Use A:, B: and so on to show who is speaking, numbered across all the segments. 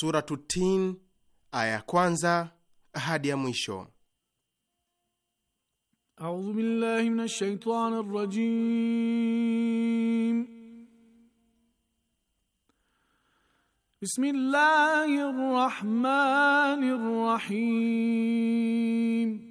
A: Suratu Tin aya ya kwanza hadi ya mwisho.
B: A'udhu billahi minash shaitani Bismillahir rahmanir rahim.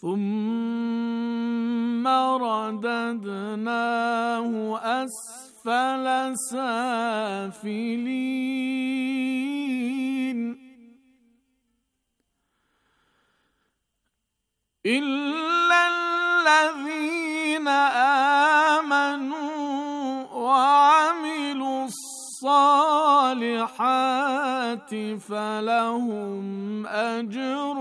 B: ثم رددناه أسفل سافلين إلا الذين آمنوا وعملوا الصالحات الصالحات فلهم أجر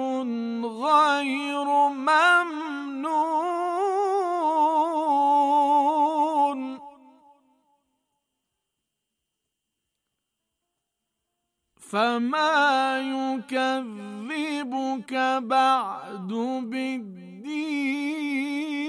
B: غير ممنون فما يكذبك بعد بالدين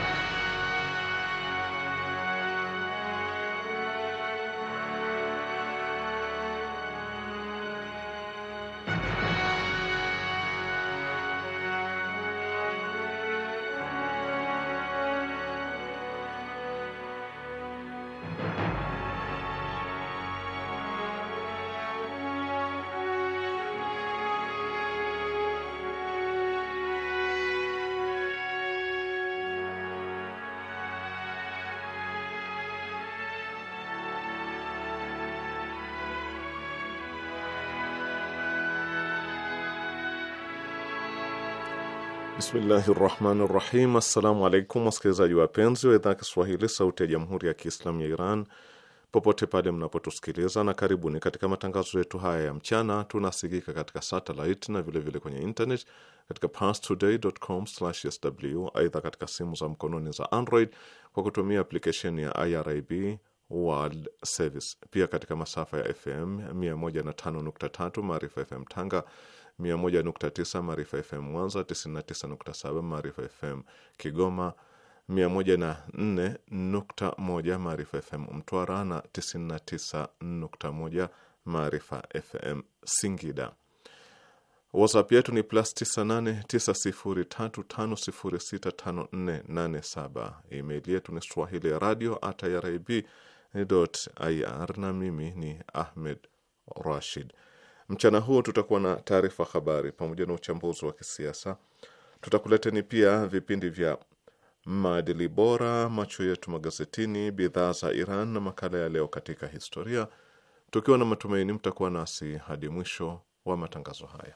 A: Bismillahi rahmani rahim. Assalamu alaikum wasikilizaji wapenzi wa idhaa Kiswahili sauti ya jamhuri ya Kiislamu ya Iran popote pale mnapotusikiliza, na karibuni katika matangazo yetu haya ya mchana. Tunasikika katika satelit na vilevile vile kwenye internet katika parstoday.com/sw. Aidha, katika simu za mkononi za Android kwa kutumia aplikesheni ya IRIB World Service, pia katika masafa ya FM 105.3 Maarifa FM Tanga 101.9 Maarifa FM Mwanza, 99.7 Maarifa FM Kigoma, 104.1 Maarifa FM Mtwara na 99.1 Maarifa FM Singida. WhatsApp yetu ni plus 989035065487. Email yetu ni swahili radio at na mimi ni Ahmed Rashid. Mchana huu tutakuwa na taarifa habari pamoja na uchambuzi wa kisiasa. Tutakuleteni pia vipindi vya maadili bora, macho yetu magazetini, bidhaa za Iran na makala ya leo katika historia, tukiwa na matumaini mtakuwa nasi hadi mwisho wa matangazo haya.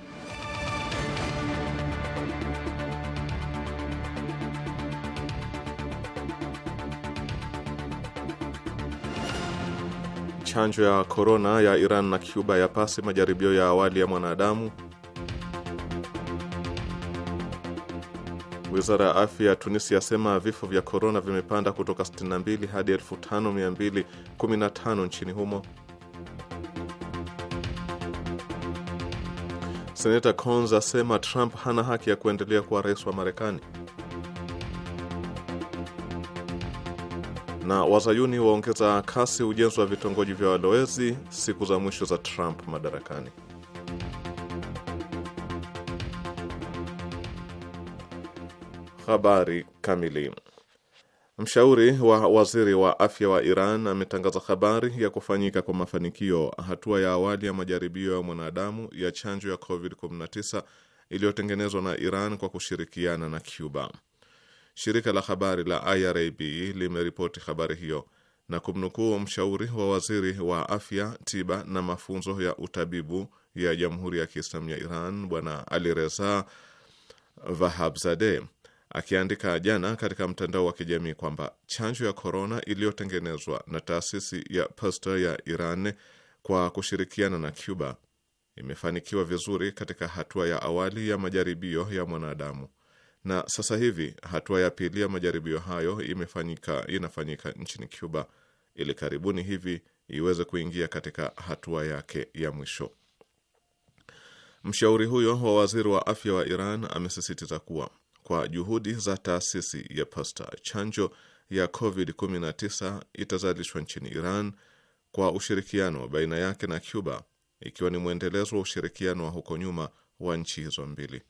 A: chanjo ya korona ya Iran na Cuba ya pasi majaribio ya awali ya mwanadamu. Wizara ya afya ya Tunisia yasema vifo vya korona vimepanda kutoka 62 hadi 5215 nchini humo. Seneta Cons asema Trump hana haki ya kuendelea kuwa rais wa Marekani. Na wazayuni waongeza kasi ujenzi wa vitongoji vya walowezi siku za mwisho za Trump madarakani. Habari kamili. Mshauri wa waziri wa afya wa Iran ametangaza habari ya kufanyika kwa mafanikio hatua ya awali ya majaribio ya mwanadamu ya chanjo ya COVID-19 iliyotengenezwa na Iran kwa kushirikiana na Cuba. Shirika la habari la IRIB limeripoti habari hiyo na kumnukuu mshauri wa waziri wa afya, tiba na mafunzo ya utabibu ya Jamhuri ya Kiislamu ya Iran Bwana Ali Reza Vahabzadeh akiandika jana katika mtandao wa kijamii kwamba chanjo ya korona iliyotengenezwa na taasisi ya Pasteur ya Iran kwa kushirikiana na Cuba imefanikiwa vizuri katika hatua ya awali ya majaribio ya mwanadamu na sasa hivi hatua ya pili ya majaribio hayo imefanyika, inafanyika nchini Cuba ili karibuni hivi iweze kuingia katika hatua yake ya mwisho. Mshauri huyo wa waziri wa afya wa Iran amesisitiza kuwa kwa juhudi za taasisi ya Pasteur, chanjo ya COVID-19 itazalishwa nchini Iran kwa ushirikiano baina yake na Cuba, ikiwa ni mwendelezo wa ushirikiano wa huko nyuma wa nchi hizo mbili.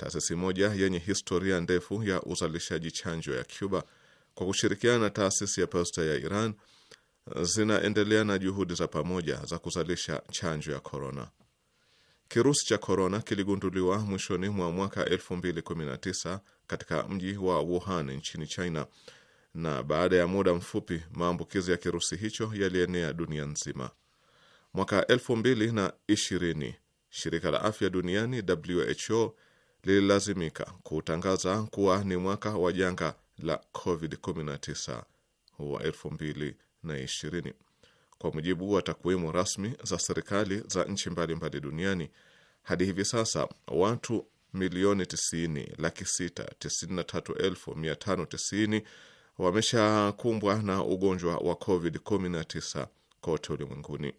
A: Taasisi moja yenye historia ndefu ya uzalishaji chanjo ya Cuba kwa kushirikiana na taasisi ya Pasteur ya Iran zinaendelea na juhudi za pamoja za kuzalisha chanjo ya korona. Kirusi cha korona kiligunduliwa mwishoni mwa mwaka 2019 katika mji wa Wuhan nchini China, na baada ya muda mfupi maambukizi ya kirusi hicho yalienea dunia nzima. Mwaka 2020 shirika la afya duniani WHO lililazimika kutangaza kuwa ni mwaka wa janga la COVID-19 wa 2020. Kwa mujibu wa takwimu rasmi za serikali za nchi mbalimbali duniani, hadi hivi sasa watu milioni 90 laki wameshakumbwa na ugonjwa wa COVID-19 kote ulimwenguni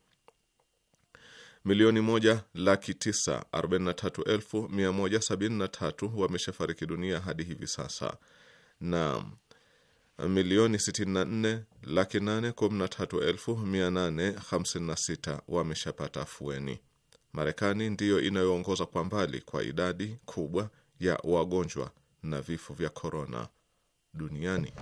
A: milioni moja laki tisa arobaini na tatu elfu mia moja sabini na tatu wameshafariki dunia hadi hivi sasa na milioni sitini na nne laki nane kumi na tatu elfu mia nane hamsini na sita wameshapata afueni. Marekani ndiyo inayoongoza kwa mbali kwa idadi kubwa ya wagonjwa na vifo vya korona duniani.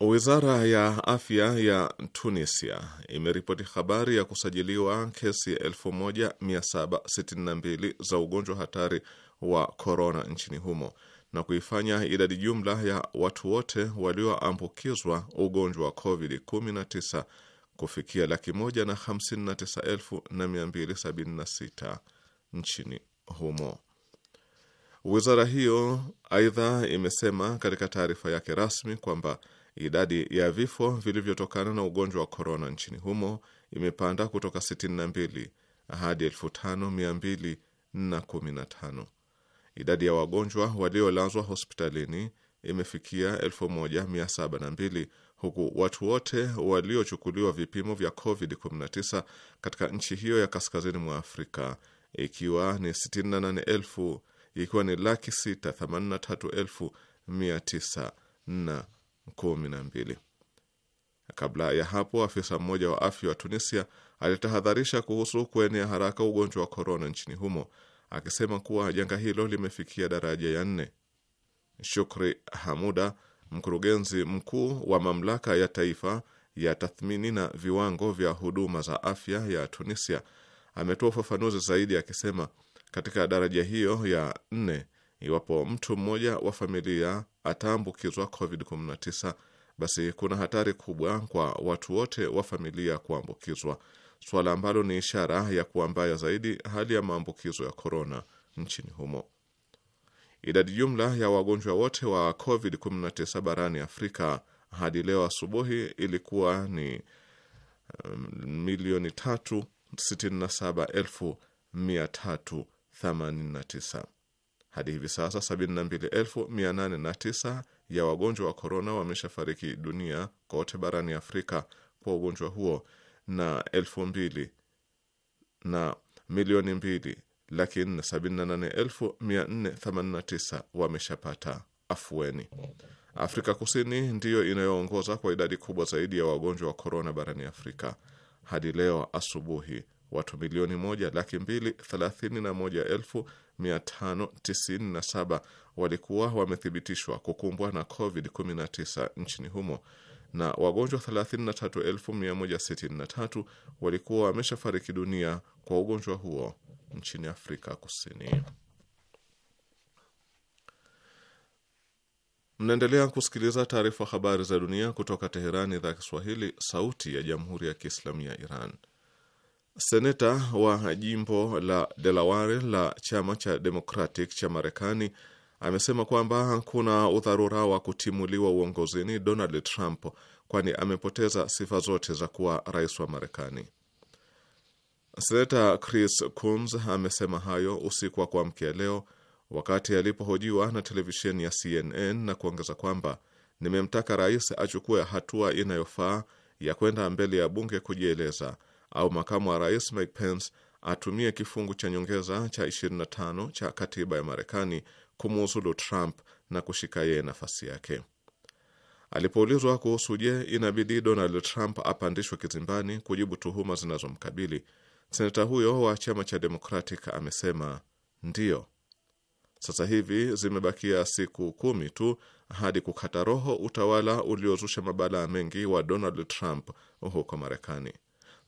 A: Wizara ya afya ya Tunisia imeripoti habari ya kusajiliwa kesi 1762 za ugonjwa hatari wa korona nchini humo na kuifanya idadi jumla ya watu wote walioambukizwa ugonjwa wa COVID-19 kufikia laki moja na hamsini na tisa elfu na mia mbili sabini na sita nchini humo. Wizara hiyo aidha imesema katika taarifa yake rasmi kwamba idadi ya vifo vilivyotokana na ugonjwa wa korona nchini humo imepanda kutoka 62 hadi 5215. Idadi ya wagonjwa waliolazwa hospitalini imefikia 1702 huku watu wote waliochukuliwa vipimo vya COVID-19 katika nchi hiyo ya kaskazini mwa Afrika ikiwa ni 68,000 ikiwa ni laki sita na kumi na mbili. Kabla ya hapo, afisa mmoja wa afya wa Tunisia alitahadharisha kuhusu kuenea haraka ugonjwa wa korona nchini humo akisema kuwa janga hilo limefikia daraja ya nne. Shukri Hamuda, mkurugenzi mkuu wa mamlaka ya taifa ya tathmini na viwango vya huduma za afya ya Tunisia, ametoa ufafanuzi zaidi akisema, katika daraja hiyo ya nne, iwapo mtu mmoja wa familia ataambukizwa COVID-19, basi kuna hatari kubwa kwa watu wote wa familia kuambukizwa, suala ambalo ni ishara ya kuwa mbaya zaidi hali ya maambukizo ya korona nchini humo. Idadi jumla ya wagonjwa wote wa COVID-19 barani Afrika hadi leo asubuhi ilikuwa ni um, milioni 367,389. Hadi hivi sasa 72809 ya wagonjwa wa korona wameshafariki dunia kote barani Afrika kwa ugonjwa huo na elfu mbili na milioni mbili laki nne sabini na nane elfu mia nne themanini na tisa wameshapata afueni. Afrika Kusini ndiyo inayoongoza kwa idadi kubwa zaidi ya wagonjwa wa korona barani Afrika. Hadi leo asubuhi watu milioni moja laki mbili thelathini na moja elfu 597 walikuwa wamethibitishwa kukumbwa na COVID-19 nchini humo na wagonjwa 33163 walikuwa wameshafariki dunia kwa ugonjwa huo nchini Afrika Kusini. Mnaendelea kusikiliza taarifa habari za dunia kutoka Teherani, idhaa ya Kiswahili, sauti ya Jamhuri ya Kiislamu ya Iran. Seneta wa jimbo la Delaware la chama cha Democratic cha Marekani amesema kwamba kuna udharura wa kutimuliwa uongozini Donald Trump kwani amepoteza sifa zote za kuwa rais wa Marekani. Seneta Chris Coons amesema hayo usiku wa kuamkia leo wakati alipohojiwa na televisheni ya CNN na kuongeza kwamba nimemtaka rais achukue hatua inayofaa ya kwenda mbele ya bunge kujieleza au makamu wa rais Mike Pence atumie kifungu cha nyongeza cha 25 cha katiba ya Marekani kumuuzulu Trump na kushika yeye nafasi yake. Alipoulizwa kuhusu je, inabidi Donald Trump apandishwe kizimbani kujibu tuhuma zinazomkabili, senata huyo wa chama cha Democratic amesema ndiyo. Sasa hivi zimebakia siku kumi tu hadi kukata roho utawala uliozusha mabalaa mengi wa Donald Trump huko Marekani.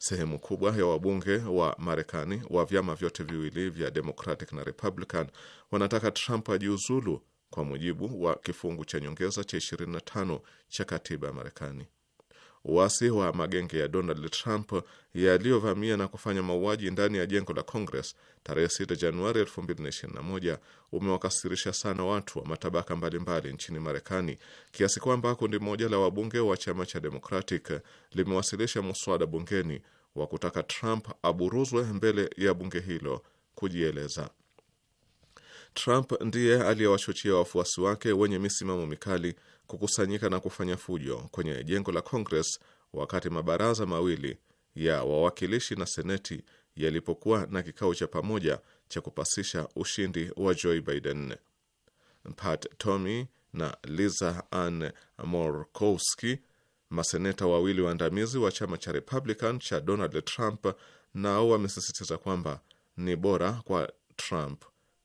A: Sehemu kubwa ya wabunge wa Marekani wa vyama vyote viwili vya Democratic na Republican wanataka Trump ajiuzulu kwa mujibu wa kifungu cha nyongeza cha 25 cha katiba ya Marekani uasi wa magenge ya Donald Trump yaliyovamia na kufanya mauaji ndani ya jengo la Congress tarehe 6 Januari 2021 umewakasirisha sana watu wa matabaka mbalimbali mbali nchini Marekani kiasi kwamba kundi moja la wabunge wa chama cha Democratic limewasilisha muswada bungeni wa kutaka Trump aburuzwe mbele ya bunge hilo kujieleza. Trump ndiye aliyewachochea wafuasi wake wenye misimamo mikali kukusanyika na kufanya fujo kwenye jengo la Congress wakati mabaraza mawili ya wawakilishi na seneti yalipokuwa na kikao cha pamoja cha kupasisha ushindi wa Joe Biden. Pat Tommy na liza Ann morkowski maseneta wawili waandamizi wa chama cha Republican cha Donald Trump, nao wamesisitiza kwamba ni bora kwa Trump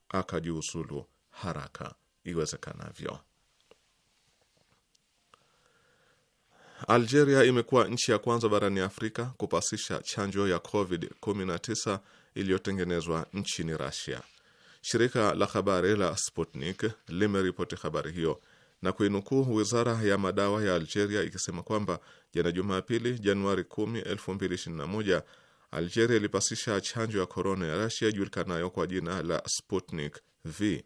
A: akajiuzulu haraka iwezekanavyo. Algeria imekuwa nchi ya kwanza barani Afrika kupasisha chanjo ya COVID-19 iliyotengenezwa nchini Russia. Shirika la habari la Sputnik limeripoti habari hiyo na kuinukuu wizara ya madawa ya Algeria ikisema kwamba jana Jumapili, Januari 10, 2021, Algeria ilipasisha chanjo ya korona ya Rasia ijulikanayo kwa jina la Sputnik V.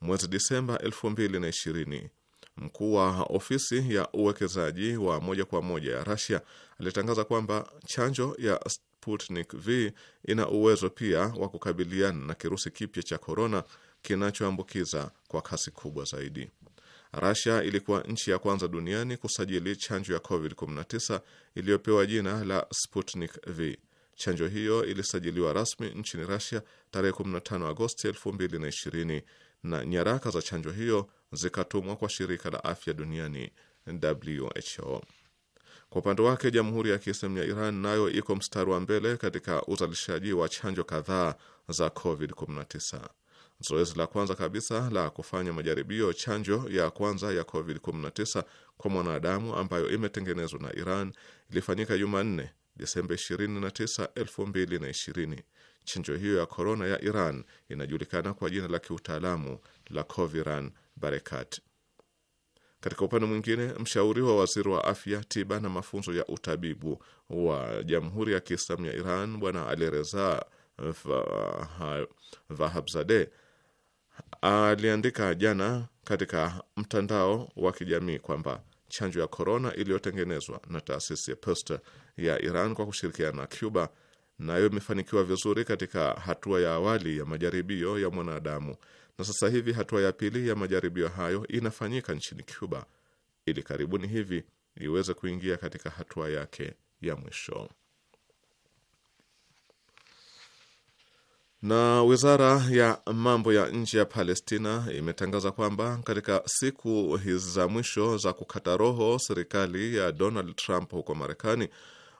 A: Mwezi Disemba Mkuu wa ofisi ya uwekezaji wa moja kwa moja ya Russia alitangaza kwamba chanjo ya Sputnik V ina uwezo pia wa kukabiliana na kirusi kipya cha korona kinachoambukiza kwa kasi kubwa zaidi. Russia ilikuwa nchi ya kwanza duniani kusajili chanjo ya COVID-19 iliyopewa jina la Sputnik V. Chanjo hiyo ilisajiliwa rasmi nchini Russia tarehe 15 Agosti 2020 na nyaraka za chanjo hiyo zikatumwa kwa shirika la afya duniani WHO. Kwa upande wake, Jamhuri ya Kiislamu ya Iran nayo iko mstari wa mbele katika uzalishaji wa chanjo kadhaa za COVID-19. Zoezi la kwanza kabisa la kufanya majaribio chanjo ya kwanza ya COVID-19 kwa mwanadamu ambayo imetengenezwa na Iran ilifanyika Jumanne, Desemba 29, 2020. Chanjo hiyo ya korona ya Iran inajulikana kwa jina la kiutaalamu la Coviran Barekat. Katika upande mwingine, mshauri wa waziri wa afya, tiba na mafunzo ya utabibu wa Jamhuri ya Kiislamu ya Iran Bwana Alireza Vahabzade aliandika jana katika mtandao wa kijamii kwamba chanjo ya korona iliyotengenezwa na taasisi ya Pasteur ya Iran kwa kushirikiana na Cuba nayo imefanikiwa vizuri katika hatua ya awali ya majaribio ya mwanadamu na sasa hivi hatua ya pili ya majaribio hayo inafanyika nchini Cuba ili karibuni hivi iweze kuingia katika hatua yake ya mwisho. Na wizara ya mambo ya nje ya Palestina imetangaza kwamba katika siku hizi za mwisho za kukata roho serikali ya Donald Trump huko Marekani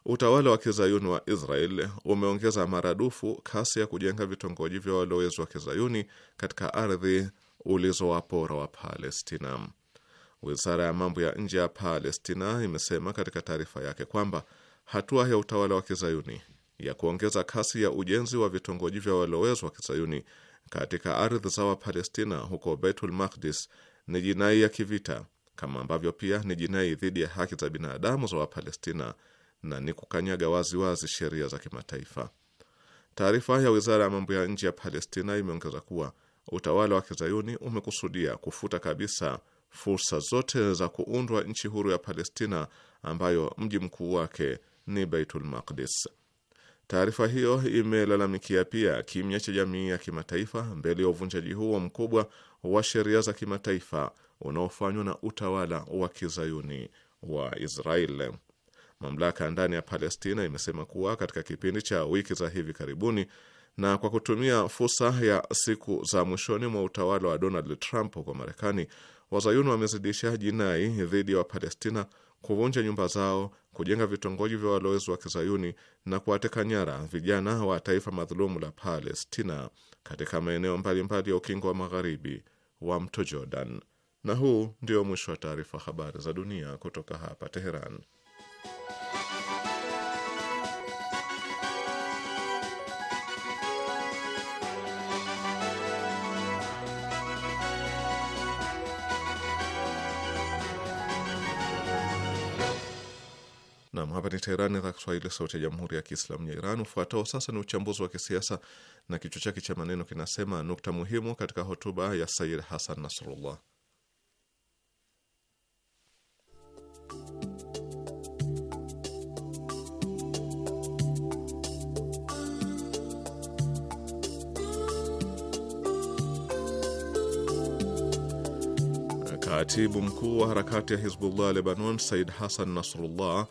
A: Utawala wa kizayuni wa Israel umeongeza maradufu kasi ya kujenga vitongoji vya walowezi wa kizayuni katika ardhi ulizowapora wa Palestina. Wizara ya mambo ya nje ya Palestina imesema katika taarifa yake kwamba hatua ya utawala wa kizayuni ya kuongeza kasi ya ujenzi wa vitongoji vya walowezi wa kizayuni katika ardhi za Wapalestina huko Beitul Makdis ni jinai ya kivita, kama ambavyo pia ni jinai dhidi ya haki za binadamu za Wapalestina na ni kukanyaga waziwazi sheria za kimataifa. Taarifa ya wizara ya mambo ya nje ya Palestina imeongeza kuwa utawala wa kizayuni umekusudia kufuta kabisa fursa zote za kuundwa nchi huru ya Palestina ambayo mji mkuu wake ni Baitul Maqdis. Taarifa hiyo imelalamikia pia kimya cha jamii ya kimataifa mbele ya uvunjaji huo mkubwa wa sheria za kimataifa unaofanywa na utawala wa kizayuni wa Israeli. Mamlaka ya ndani ya Palestina imesema kuwa katika kipindi cha wiki za hivi karibuni na kwa kutumia fursa ya siku za mwishoni mwa utawala wa Donald Trump kwa Marekani, wazayuni wamezidisha jinai dhidi ya Wapalestina, kuvunja nyumba zao, kujenga vitongoji vya walowezi wa kizayuni na kuwateka nyara vijana wa taifa madhulumu la Palestina katika maeneo mbalimbali ya ukingo wa magharibi wa mto Jordan. Na huu ndio mwisho wa taarifa habari za dunia kutoka hapa Teheran. Nam, hapa ni Teherani, idhaa Kiswahili, sauti ya jamhuri ya kiislamu ya Iran. Ufuatao sasa ni uchambuzi wa kisiasa na kichwa chake cha maneno kinasema: nukta muhimu katika hotuba ya Sayid Hasan Nasrullah. Katibu mkuu wa harakati ya Hizbullah Lebanon Said Hassan Nasrullah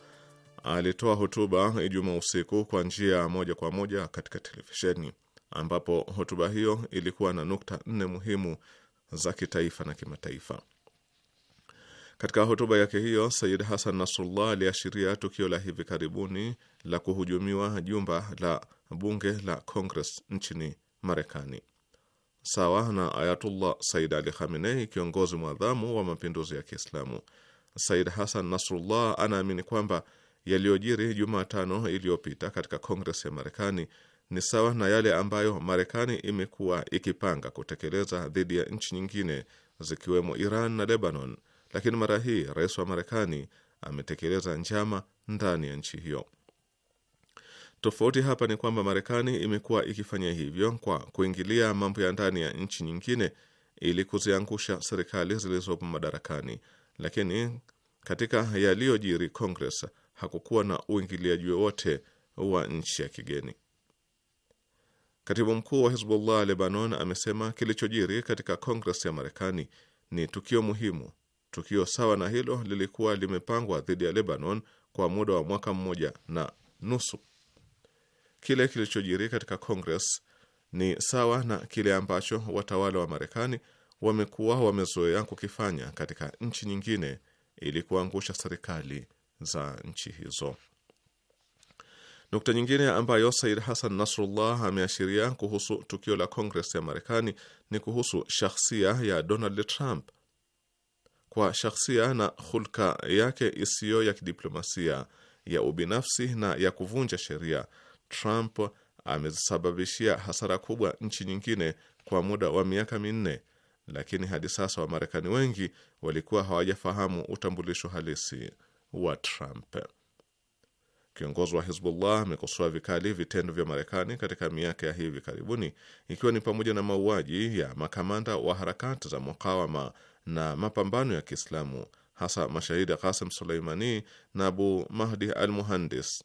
A: alitoa hotuba Ijumaa usiku kwa njia moja kwa moja katika televisheni, ambapo hotuba hiyo ilikuwa na nukta nne muhimu za kitaifa na kimataifa. Katika hotuba yake hiyo, Said Hassan Nasrullah aliashiria tukio la hivi karibuni la kuhujumiwa jumba la bunge la Congress nchini Marekani sawa na Ayatullah Said Ali Khamenei, kiongozi mwadhamu wa mapinduzi ya Kiislamu, Said Hassan Nasrullah anaamini kwamba yaliyojiri Jumatano iliyopita katika Kongres ya Marekani ni sawa na yale ambayo Marekani imekuwa ikipanga kutekeleza dhidi ya nchi nyingine zikiwemo Iran na Lebanon, lakini mara hii rais wa Marekani ametekeleza njama ndani ya nchi hiyo. Tofauti hapa ni kwamba Marekani imekuwa ikifanya hivyo kwa kuingilia mambo ya ndani ya nchi nyingine ili kuziangusha serikali zilizopo madarakani, lakini katika yaliyojiri Congress hakukuwa na uingiliaji wowote wa nchi ya kigeni. Katibu mkuu wa Hizbullah Lebanon amesema kilichojiri katika Congress ya Marekani ni tukio muhimu. Tukio sawa na hilo lilikuwa limepangwa dhidi ya Lebanon kwa muda wa mwaka mmoja na nusu. Kile kilichojiri katika Kongres ni sawa na kile ambacho watawala wa Marekani wamekuwa wamezoea kukifanya katika nchi nyingine ili kuangusha serikali za nchi hizo. Nukta nyingine ambayo Said Hassan Nasrullah ameashiria kuhusu tukio la kongres ya Marekani ni kuhusu shakhsia ya Donald Trump. Kwa shakhsia na hulka yake isiyo ya kidiplomasia ya ubinafsi na ya kuvunja sheria Trump amezisababishia hasara kubwa nchi nyingine kwa muda wa miaka minne, lakini hadi sasa Wamarekani wengi walikuwa hawajafahamu utambulisho halisi wa Trump. Kiongozi wa Hizbullah amekosoa vikali vitendo vya Marekani katika miaka ya hivi karibuni, ikiwa ni pamoja na mauaji ya makamanda wa harakati za mukawama na mapambano ya Kiislamu, hasa mashahidi Qasem Suleimani na Abu Mahdi al Muhandis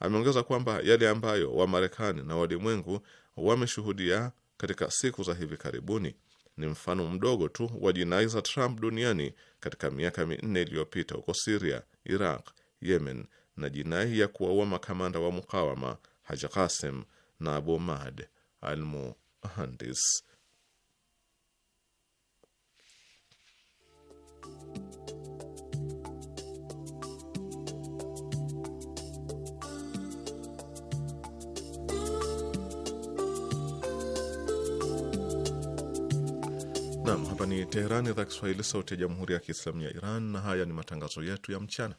A: Ameongeza kwamba yale ambayo Wamarekani na walimwengu wameshuhudia katika siku za hivi karibuni ni mfano mdogo tu wa jinai za Trump duniani katika miaka minne iliyopita huko Siria, Iraq, Yemen na jinai ya kuwaua makamanda wa mukawama haj Qasim na Abu Mahd al-Muhandis. Nam, hapa ni Teherani, idhaa Kiswahili, sauti ya jamhuri ya kiislamu ya Iran, na haya ni matangazo yetu ya mchana.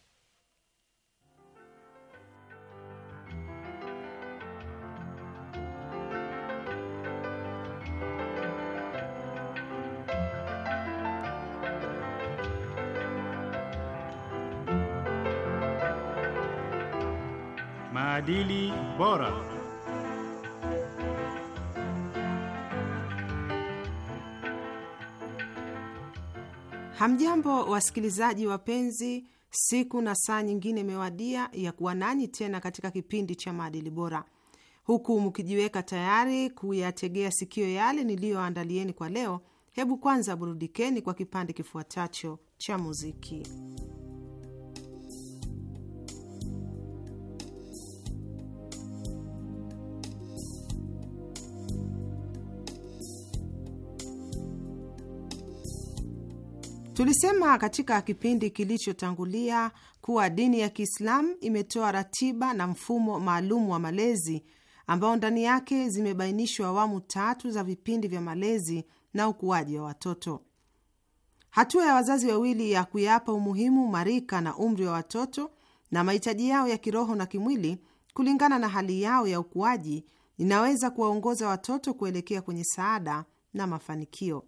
C: Maadili bora.
D: Hamjambo wasikilizaji wapenzi, siku na saa nyingine imewadia ya kuwa nanyi tena katika kipindi cha maadili bora, huku mkijiweka tayari kuyategea sikio yale niliyoandalieni kwa leo. Hebu kwanza burudikeni kwa kipande kifuatacho cha muziki. Tulisema katika kipindi kilichotangulia kuwa dini ya Kiislamu imetoa ratiba na mfumo maalum wa malezi ambao ndani yake zimebainishwa awamu tatu za vipindi vya malezi na ukuaji wa watoto. Hatua ya wazazi wawili ya kuyapa umuhimu marika na umri wa watoto na mahitaji yao ya kiroho na kimwili kulingana na hali yao ya ukuaji inaweza kuwaongoza watoto kuelekea kwenye saada na mafanikio.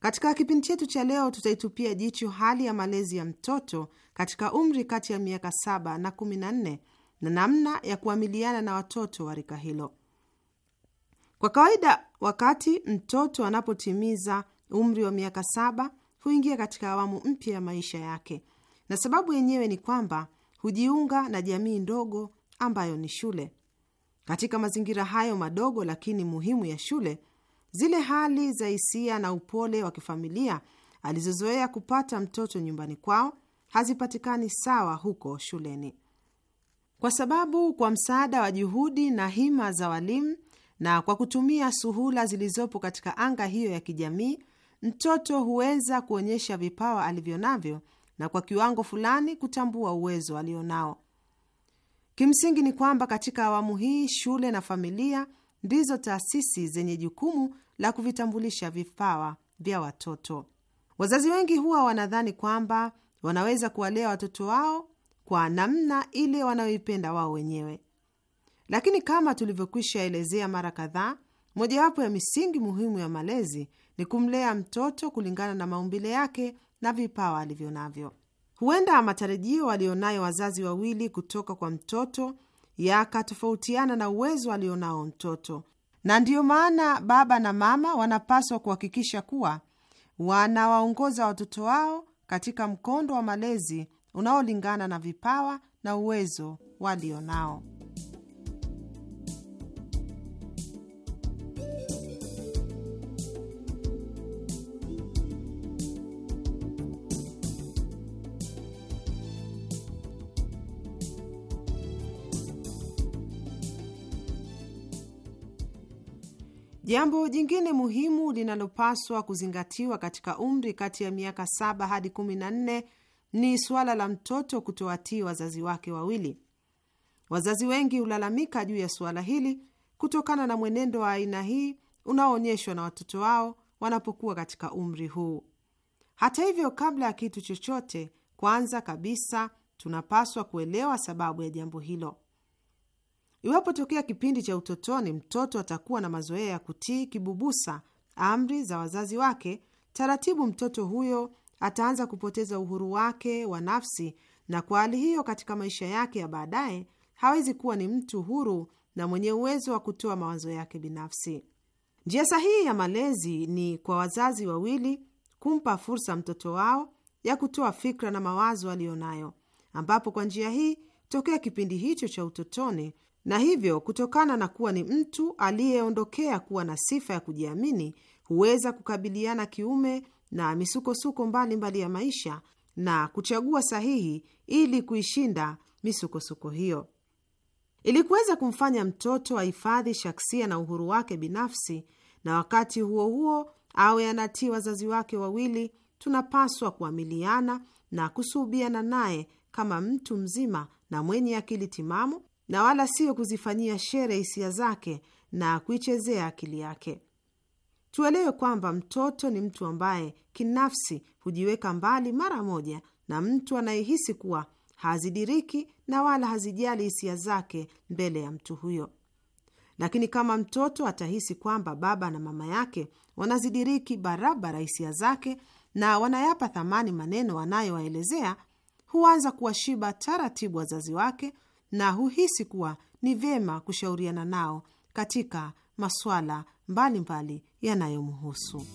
D: Katika kipindi chetu cha leo tutaitupia jicho hali ya malezi ya mtoto katika umri kati ya miaka saba na kumi na nne na namna ya kuamiliana na watoto wa rika hilo. Kwa kawaida, wakati mtoto anapotimiza umri wa miaka saba huingia katika awamu mpya ya maisha yake, na sababu yenyewe ni kwamba hujiunga na jamii ndogo ambayo ni shule. Katika mazingira hayo madogo lakini muhimu ya shule Zile hali za hisia na upole wa kifamilia alizozoea kupata mtoto nyumbani kwao hazipatikani sawa huko shuleni, kwa sababu kwa msaada wa juhudi na hima za walimu na kwa kutumia suhula zilizopo katika anga hiyo ya kijamii, mtoto huweza kuonyesha vipawa alivyo navyo na kwa kiwango fulani kutambua uwezo alionao. Kimsingi ni kwamba katika awamu hii shule na familia ndizo taasisi zenye jukumu la kuvitambulisha vipawa vya watoto. Wazazi wengi huwa wanadhani kwamba wanaweza kuwalea watoto wao kwa namna ile wanayoipenda wao wenyewe, lakini kama tulivyokwisha elezea mara kadhaa, mojawapo ya misingi muhimu ya malezi ni kumlea mtoto kulingana na maumbile yake na vipawa alivyo navyo. Huenda matarajio walionayo wazazi wawili kutoka kwa mtoto yakatofautiana na uwezo alionao mtoto, na ndiyo maana baba na mama wanapaswa kuhakikisha kuwa wanawaongoza watoto wao katika mkondo wa malezi unaolingana na vipawa na uwezo walionao. Jambo jingine muhimu linalopaswa kuzingatiwa katika umri kati ya miaka saba hadi kumi na nne ni suala la mtoto kutoatii wazazi wake wawili. Wazazi wengi hulalamika juu ya suala hili kutokana na mwenendo wa aina hii unaoonyeshwa na watoto wao wanapokuwa katika umri huu. Hata hivyo, kabla ya kitu chochote, kwanza kabisa tunapaswa kuelewa sababu ya jambo hilo. Iwapo tokea kipindi cha utotoni mtoto atakuwa na mazoea ya kutii kibubusa amri za wazazi wake, taratibu mtoto huyo ataanza kupoteza uhuru wake wa nafsi, na kwa hali hiyo, katika maisha yake ya baadaye hawezi kuwa ni mtu huru na mwenye uwezo wa kutoa mawazo yake binafsi. Njia sahihi ya malezi ni kwa wazazi wawili kumpa fursa mtoto wao ya kutoa fikra na mawazo aliyo nayo ambapo kwa njia hii tokea kipindi hicho cha utotoni na hivyo kutokana na kuwa ni mtu aliyeondokea kuwa na sifa ya kujiamini, huweza kukabiliana kiume na misukosuko mbalimbali ya maisha na kuchagua sahihi ili kuishinda misukosuko hiyo. Ili kuweza kumfanya mtoto ahifadhi shaksia na uhuru wake binafsi na wakati huo huo awe anatii wazazi wake wawili, tunapaswa kuamiliana na kusuhubiana naye kama mtu mzima na mwenye akili timamu na wala sio kuzifanyia shere hisia zake na kuichezea akili yake. Tuelewe kwamba mtoto ni mtu ambaye kinafsi hujiweka mbali mara moja na mtu anayehisi kuwa hazidiriki na wala hazijali hisia zake mbele ya mtu huyo. Lakini kama mtoto atahisi kwamba baba na mama yake wanazidiriki barabara hisia zake na wanayapa thamani maneno anayowaelezea, huanza kuwashiba taratibu wazazi wake na huhisi kuwa ni vyema kushauriana nao katika masuala mbalimbali yanayomhusu.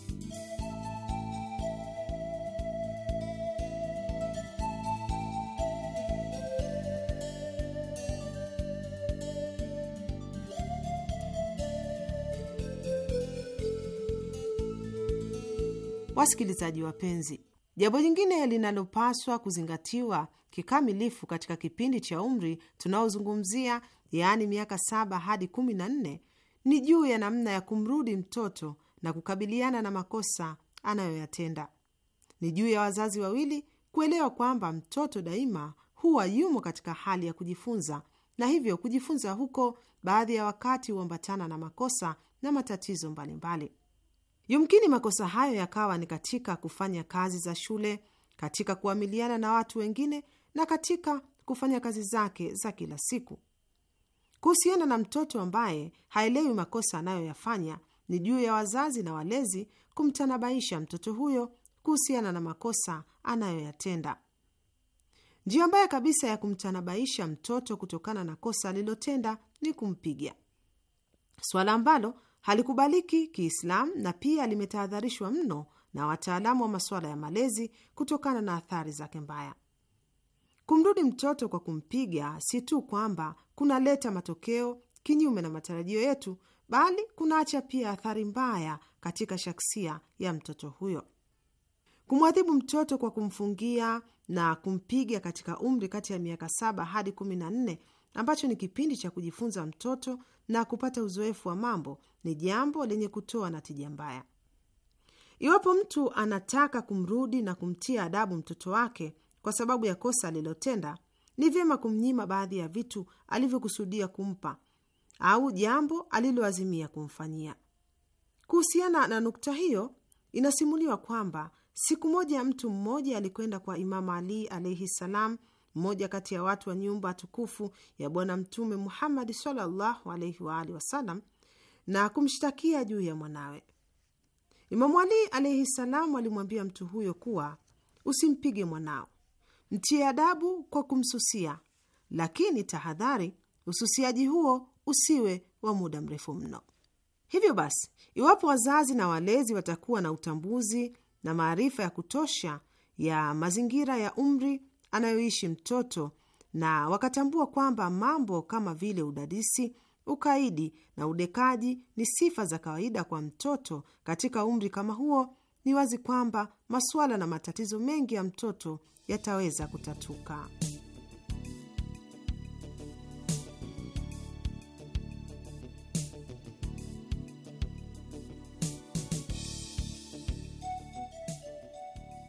D: Wasikilizaji wapenzi, jambo jingine linalopaswa kuzingatiwa kikamilifu katika kipindi cha umri tunaozungumzia, yaani miaka saba hadi kumi na nne, ni juu ya namna ya kumrudi mtoto na kukabiliana na makosa anayoyatenda. Ni juu ya wazazi wawili kuelewa kwamba mtoto daima huwa yumo katika hali ya kujifunza, na hivyo kujifunza huko baadhi ya wakati huambatana na makosa na matatizo mbalimbali. Yumkini makosa hayo yakawa ni katika kufanya kazi za shule, katika kuamiliana na watu wengine na katika kufanya kazi zake za kila siku. Kuhusiana na mtoto ambaye haelewi makosa anayoyafanya, ni juu ya wazazi na walezi kumtanabaisha mtoto huyo kuhusiana na makosa anayoyatenda. Njia mbaya kabisa ya kumtanabaisha mtoto kutokana na kosa alilotenda ni kumpiga, swala ambalo halikubaliki Kiislamu na pia limetahadharishwa mno na wataalamu wa masuala ya malezi kutokana na athari zake mbaya. Kumrudi mtoto kwa kumpiga si tu kwamba kunaleta matokeo kinyume na matarajio yetu, bali kunaacha pia athari mbaya katika shaksia ya mtoto huyo. Kumwadhibu mtoto kwa kumfungia na kumpiga katika umri kati ya miaka saba hadi kumi na nne ambacho ni kipindi cha kujifunza mtoto na kupata uzoefu wa mambo ni jambo lenye kutoa na tija mbaya. Iwapo mtu anataka kumrudi na kumtia adabu mtoto wake, kwa sababu ya kosa alilotenda, ni vyema kumnyima baadhi ya vitu alivyokusudia kumpa au jambo aliloazimia kumfanyia. Kuhusiana na nukta hiyo, inasimuliwa kwamba siku moja mtu mmoja alikwenda kwa Imamu Ali alaihi salam, mmoja kati ya watu wa nyumba tukufu ya Bwana Mtume Muhammadi sallallahu alaihi wasalam, na kumshtakia juu ya mwanawe. Imamu Ali alaihi salam alimwambia mtu huyo kuwa usimpige mwanao, mtie adabu kwa kumsusia, lakini tahadhari, ususiaji huo usiwe wa muda mrefu mno. Hivyo basi, iwapo wazazi na walezi watakuwa na utambuzi na maarifa ya kutosha ya mazingira ya umri anayoishi mtoto na wakatambua kwamba mambo kama vile udadisi, ukaidi na udekaji ni sifa za kawaida kwa mtoto katika umri kama huo, ni wazi kwamba masuala na matatizo mengi ya mtoto yataweza kutatuka.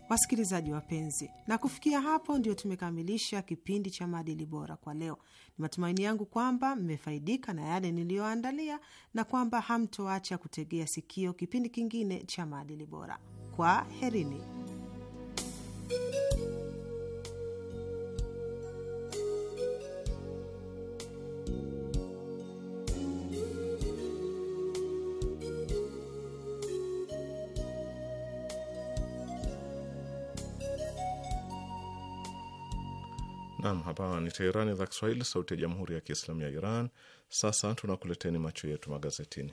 D: Wasikilizaji wapenzi, na kufikia hapo ndio tumekamilisha kipindi cha maadili bora kwa leo. Ni matumaini yangu kwamba mmefaidika na yale niliyoandalia na kwamba hamtoacha kutegea sikio kipindi kingine cha maadili bora. Kwa herini.
A: Hapa ni Teherani, idhaa Kiswahili, sauti ya jamhuri ya kiislamu ya Iran. Sasa tunakuleteni macho yetu magazetini.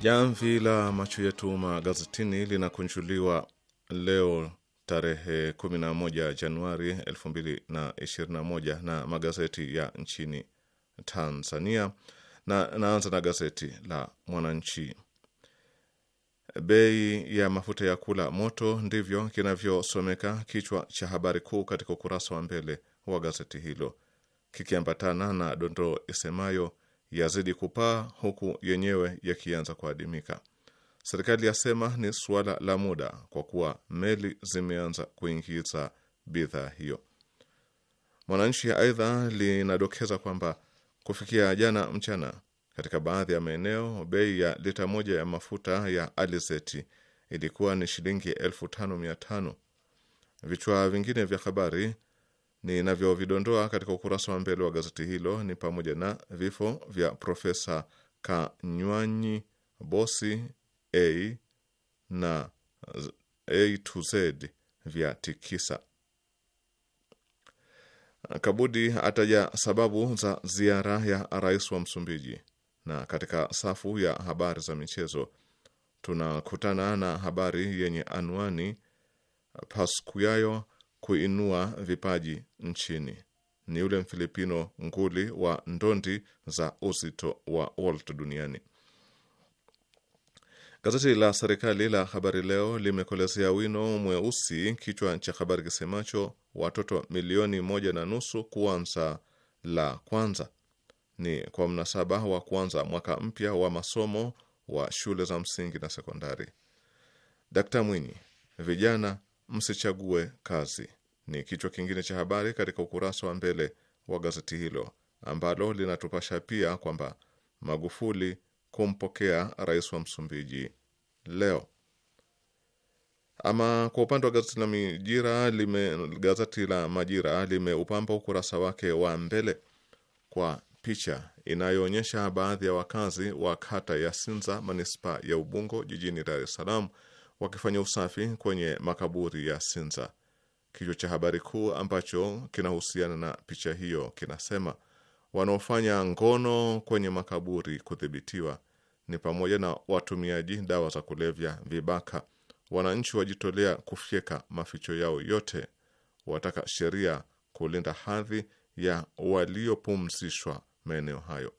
A: Jamvi la macho yetu magazetini linakunjuliwa leo tarehe 11 Januari 2021 na magazeti ya nchini Tanzania na naanza na gazeti la Mwananchi. Bei ya mafuta ya kula moto, ndivyo kinavyosomeka kichwa cha habari kuu katika ukurasa wa mbele wa gazeti hilo, kikiambatana na dondoo isemayo yazidi kupaa huku yenyewe yakianza kuadimika. Serikali yasema ni suala la muda kwa kuwa meli zimeanza kuingiza bidhaa hiyo. Mwananchi aidha linadokeza kwamba Kufikia jana mchana, katika baadhi ya maeneo bei ya lita moja ya mafuta ya alizeti ilikuwa ni shilingi elfu tano mia tano. Vichwa vingine vya habari ninavyovidondoa katika ukurasa wa mbele wa gazeti hilo ni pamoja na vifo vya Profesa Kanywanyi Bosi A na A to Z vya tikisa Kabudi ataja sababu za ziara ya rais wa Msumbiji, na katika safu ya habari za michezo tunakutana na habari yenye anwani Pascual kuinua vipaji nchini. Ni yule Mfilipino nguli wa ndondi za uzito wa Walt duniani. Gazeti la serikali la Habari Leo limekolezea wino mweusi kichwa cha habari kisemacho watoto milioni moja na nusu kuanza la kwanza. Ni kwa mnasaba wa kuanza mwaka mpya wa masomo wa shule za msingi na sekondari. Dkt Mwinyi, vijana msichague kazi, ni kichwa kingine cha habari katika ukurasa wa mbele wa gazeti hilo, ambalo linatupasha pia kwamba Magufuli kumpokea rais wa Msumbiji leo. Ama kwa upande wa gazeti la Majira lime, gazeti la Majira limeupamba ukurasa wake wa mbele kwa picha inayoonyesha baadhi ya wakazi wa kata ya Sinza manispaa ya Ubungo jijini Dar es Salaam wakifanya usafi kwenye makaburi ya Sinza. Kichwa cha habari kuu ambacho kinahusiana na picha hiyo kinasema wanaofanya ngono kwenye makaburi kudhibitiwa ni pamoja na watumiaji dawa za kulevya, vibaka. Wananchi wajitolea kufyeka maficho yao yote, wataka sheria kulinda hadhi ya waliopumzishwa maeneo hayo.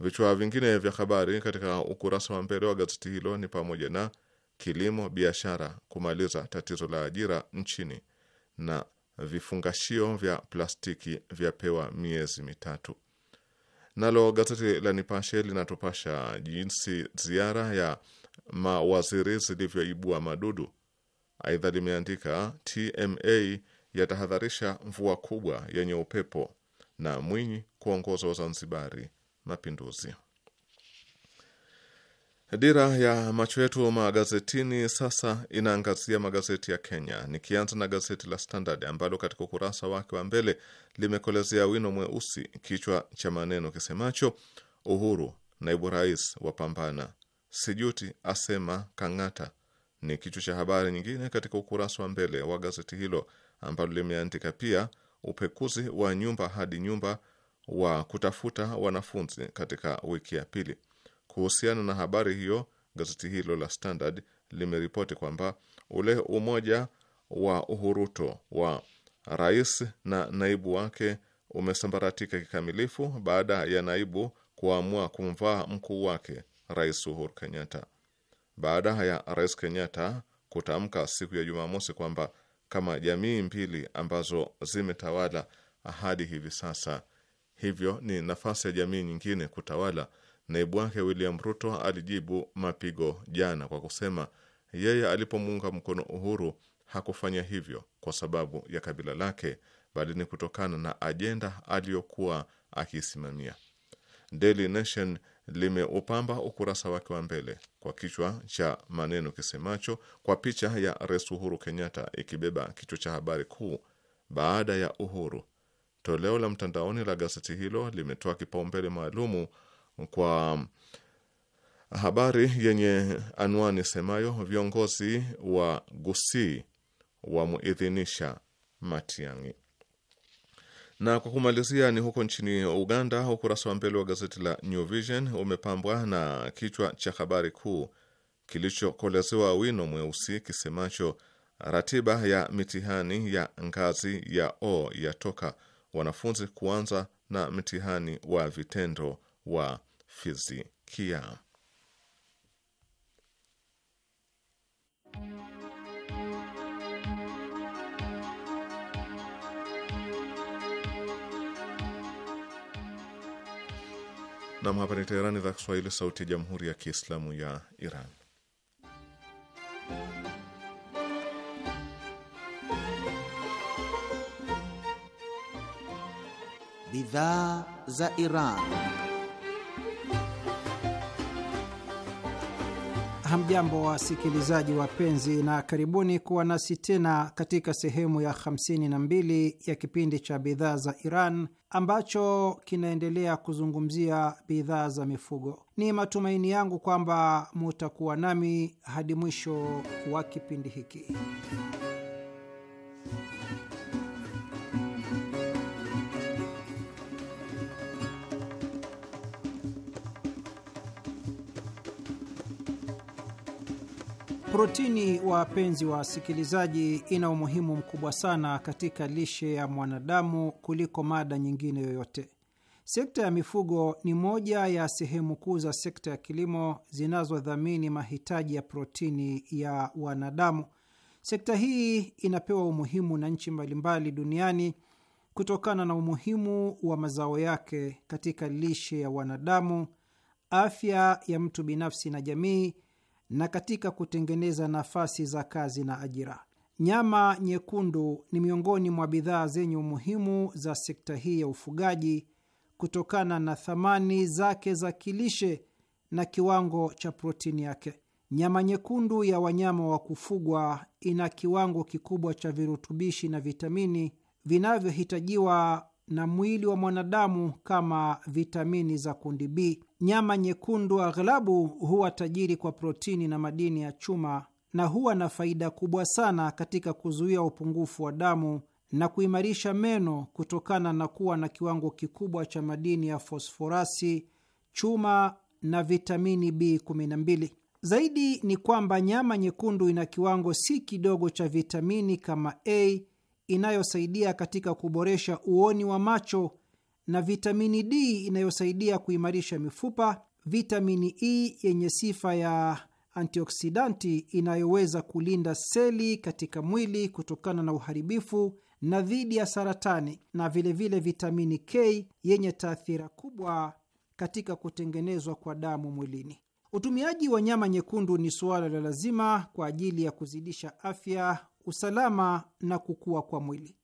A: Vichwa vingine vya habari katika ukurasa wa mbele wa gazeti hilo ni pamoja na kilimo, biashara kumaliza tatizo la ajira nchini na vifungashio vya plastiki vyapewa miezi mitatu. Nalo gazeti la Nipashe linatupasha jinsi ziara ya mawaziri zilivyoibua madudu. Aidha limeandika TMA yatahadharisha mvua kubwa yenye upepo na Mwinyi kuongoza Wazanzibari mapinduzi. Dira ya macho yetu magazetini sasa inaangazia magazeti ya Kenya, nikianza na gazeti la Standard ambalo katika ukurasa wake wa mbele limekolezea wino mweusi kichwa cha maneno kisemacho Uhuru naibu rais wapambana, Sijuti asema Kang'ata. Ni kichwa cha habari nyingine katika ukurasa wa mbele wa gazeti hilo ambalo limeandika pia upekuzi wa nyumba hadi nyumba wa kutafuta wanafunzi katika wiki ya pili. Kuhusiana na habari hiyo, gazeti hilo la Standard limeripoti kwamba ule umoja wa uhuruto wa rais na naibu wake umesambaratika kikamilifu baada ya naibu kuamua kumvaa mkuu wake Rais Uhuru Kenyatta. Baada ya Rais Kenyatta kutamka siku ya Jumamosi kwamba kama jamii mbili ambazo zimetawala hadi hivi sasa, hivyo ni nafasi ya jamii nyingine kutawala naibu wake William Ruto alijibu mapigo jana kwa kusema yeye alipomuunga mkono Uhuru hakufanya hivyo kwa sababu ya kabila lake, bali ni kutokana na ajenda aliyokuwa akiisimamia. Daily Nation limeupamba ukurasa wake wa mbele kwa kichwa cha maneno kisemacho, kwa picha ya Rais Uhuru Kenyatta ikibeba kichwa cha habari kuu, baada ya uhuru. Toleo la mtandaoni la gazeti hilo limetoa kipaumbele maalumu kwa habari yenye anwani semayo viongozi wa Gusi wamuidhinisha Matiang'i. Na kwa kumalizia ni huko nchini Uganda. Ukurasa wa mbele wa gazeti la New Vision umepambwa na kichwa cha habari kuu kilichokolezewa wino mweusi kisemacho ratiba ya mitihani ya ngazi ya O yatoka, wanafunzi kuanza na mtihani wa vitendo wa fizikia. Nam, hapa ni Teherani, idhaa Kiswahili, sauti ya jamhuri ya kiislamu ya Iran.
C: Bidhaa za
E: Iran. Hamjambo wasikilizaji wapenzi, na karibuni kuwa nasi tena katika sehemu ya 52 ya kipindi cha bidhaa za Iran ambacho kinaendelea kuzungumzia bidhaa za mifugo. Ni matumaini yangu kwamba mutakuwa nami hadi mwisho wa kipindi hiki. Protini, wapenzi wa wasikilizaji, ina umuhimu mkubwa sana katika lishe ya mwanadamu kuliko mada nyingine yoyote. Sekta ya mifugo ni moja ya sehemu kuu za sekta ya kilimo zinazodhamini mahitaji ya protini ya wanadamu. Sekta hii inapewa umuhimu na nchi mbalimbali duniani kutokana na umuhimu wa mazao yake katika lishe ya wanadamu, afya ya mtu binafsi na jamii na katika kutengeneza nafasi za kazi na ajira. Nyama nyekundu ni miongoni mwa bidhaa zenye umuhimu za sekta hii ya ufugaji kutokana na thamani zake za kilishe na kiwango cha protini yake. Nyama nyekundu ya wanyama wa kufugwa ina kiwango kikubwa cha virutubishi na vitamini vinavyohitajiwa na mwili wa mwanadamu kama vitamini za kundi B. Nyama nyekundu aghalabu huwa tajiri kwa protini na madini ya chuma na huwa na faida kubwa sana katika kuzuia upungufu wa damu na kuimarisha meno kutokana na kuwa na kiwango kikubwa cha madini ya fosforasi, chuma na vitamini B12. Zaidi ni kwamba nyama nyekundu ina kiwango si kidogo cha vitamini kama A inayosaidia katika kuboresha uoni wa macho na vitamini D inayosaidia kuimarisha mifupa, vitamini E yenye sifa ya antioksidanti inayoweza kulinda seli katika mwili kutokana na uharibifu na dhidi ya saratani, na vilevile vile vitamini K yenye taathira kubwa katika kutengenezwa kwa damu mwilini. Utumiaji wa nyama nyekundu ni suala la lazima kwa ajili ya kuzidisha afya, usalama na kukua kwa mwili.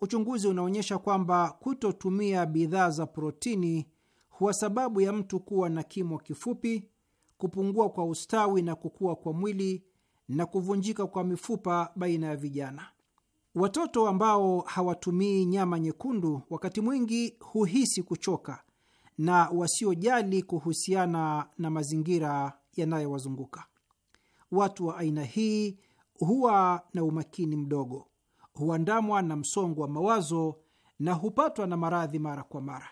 E: Uchunguzi unaonyesha kwamba kutotumia bidhaa za protini huwa sababu ya mtu kuwa na kimo kifupi, kupungua kwa ustawi na kukua kwa mwili na kuvunjika kwa mifupa baina ya vijana. Watoto ambao hawatumii nyama nyekundu wakati mwingi huhisi kuchoka na wasiojali kuhusiana na mazingira yanayowazunguka. Watu wa aina hii huwa na umakini mdogo, huandamwa na msongo wa mawazo na hupatwa na maradhi mara kwa mara.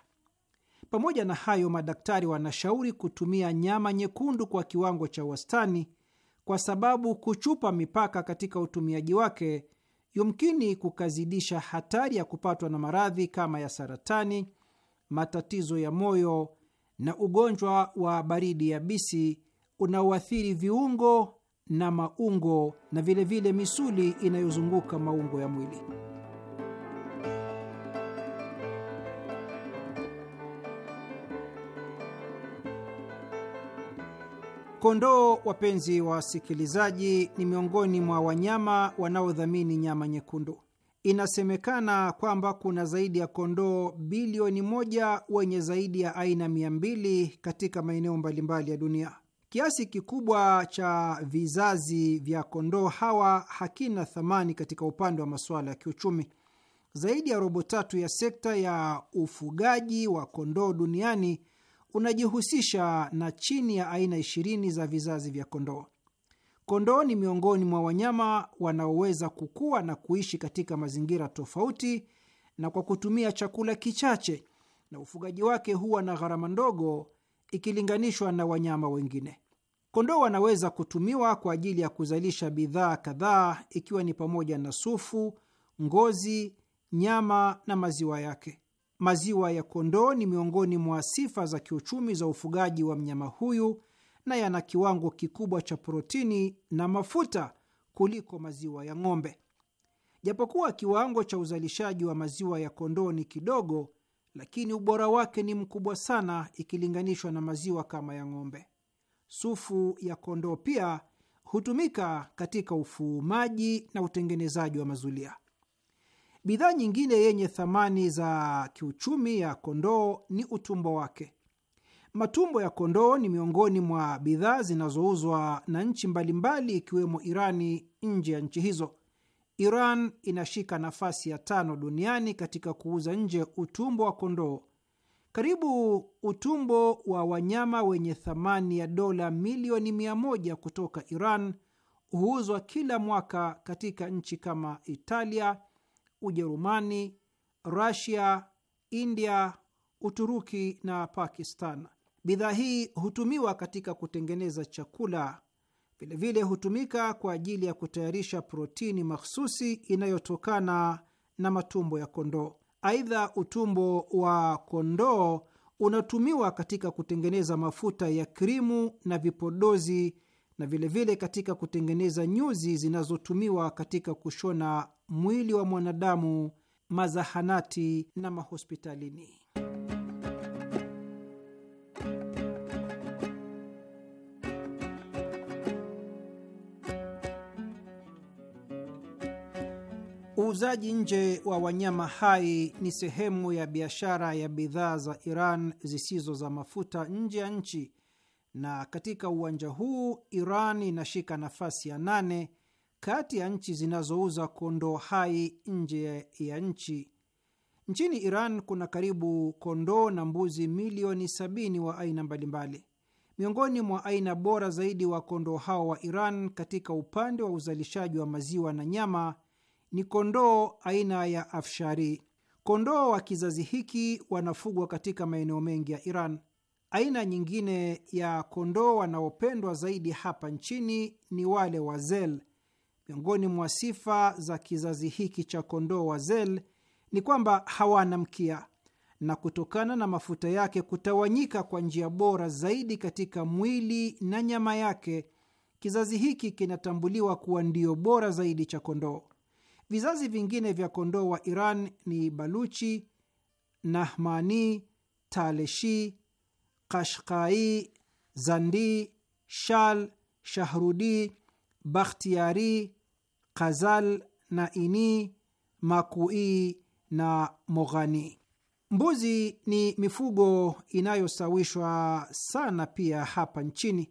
E: Pamoja na hayo, madaktari wanashauri kutumia nyama nyekundu kwa kiwango cha wastani, kwa sababu kuchupa mipaka katika utumiaji wake yumkini kukazidisha hatari ya kupatwa na maradhi kama ya saratani, matatizo ya moyo na ugonjwa wa baridi yabisi unaoathiri viungo na maungo na vilevile vile misuli inayozunguka maungo ya mwili. Kondoo, wapenzi wa wasikilizaji, ni miongoni mwa wanyama wanaodhamini nyama nyekundu. Inasemekana kwamba kuna zaidi ya kondoo bilioni moja wenye zaidi ya aina mia mbili katika maeneo mbalimbali ya dunia. Kiasi kikubwa cha vizazi vya kondoo hawa hakina thamani katika upande wa masuala ya kiuchumi. Zaidi ya robo tatu ya sekta ya ufugaji wa kondoo duniani unajihusisha na chini ya aina ishirini za vizazi vya kondoo. Kondoo ni miongoni mwa wanyama wanaoweza kukua na kuishi katika mazingira tofauti na kwa kutumia chakula kichache, na ufugaji wake huwa na gharama ndogo ikilinganishwa na wanyama wengine. Kondoo wanaweza kutumiwa kwa ajili ya kuzalisha bidhaa kadhaa, ikiwa ni pamoja na sufu, ngozi, nyama na maziwa yake. Maziwa ya kondoo ni miongoni mwa sifa za kiuchumi za ufugaji wa mnyama huyu na yana kiwango kikubwa cha protini na mafuta kuliko maziwa ya ng'ombe. Japokuwa kiwango cha uzalishaji wa maziwa ya kondoo ni kidogo, lakini ubora wake ni mkubwa sana ikilinganishwa na maziwa kama ya ng'ombe. Sufu ya kondoo pia hutumika katika ufumaji na utengenezaji wa mazulia. Bidhaa nyingine yenye thamani za kiuchumi ya kondoo ni utumbo wake. Matumbo ya kondoo ni miongoni mwa bidhaa zinazouzwa na nchi mbalimbali ikiwemo Irani nje ya nchi hizo. Iran inashika nafasi ya tano duniani katika kuuza nje utumbo wa kondoo. Karibu utumbo wa wanyama wenye thamani ya dola milioni mia moja kutoka Iran huuzwa kila mwaka katika nchi kama Italia, Ujerumani, Rasia, India, Uturuki na Pakistan. Bidhaa hii hutumiwa katika kutengeneza chakula Vilevile hutumika kwa ajili ya kutayarisha protini mahsusi inayotokana na matumbo ya kondoo. Aidha, utumbo wa kondoo unatumiwa katika kutengeneza mafuta ya krimu na vipodozi na vilevile vile katika kutengeneza nyuzi zinazotumiwa katika kushona mwili wa mwanadamu mazahanati na mahospitalini. Uuzaji nje wa wanyama hai ni sehemu ya biashara ya bidhaa za Iran zisizo za mafuta nje ya nchi, na katika uwanja huu Iran inashika nafasi ya nane kati ya nchi zinazouza kondoo hai nje ya nchi. Nchini Iran kuna karibu kondoo na mbuzi milioni sabini wa aina mbalimbali. Miongoni mwa aina bora zaidi wa kondoo hao wa Iran katika upande wa uzalishaji wa maziwa na nyama ni kondoo aina ya Afshari. Kondoo wa kizazi hiki wanafugwa katika maeneo mengi ya Iran. Aina nyingine ya kondoo wanaopendwa zaidi hapa nchini ni wale wa Zel. Miongoni mwa sifa za kizazi hiki cha kondoo wa Zel ni kwamba hawana mkia, na kutokana na mafuta yake kutawanyika kwa njia bora zaidi katika mwili na nyama yake, kizazi hiki kinatambuliwa kuwa ndio bora zaidi cha kondoo. Vizazi vingine vya kondoo wa Iran ni Baluchi, Nahmani, Taleshi, Kashkai, Zandi, Shal, Shahrudi, Bakhtiari, Kazal, Naini, Makui na Moghani. Mbuzi ni mifugo inayosawishwa sana pia hapa nchini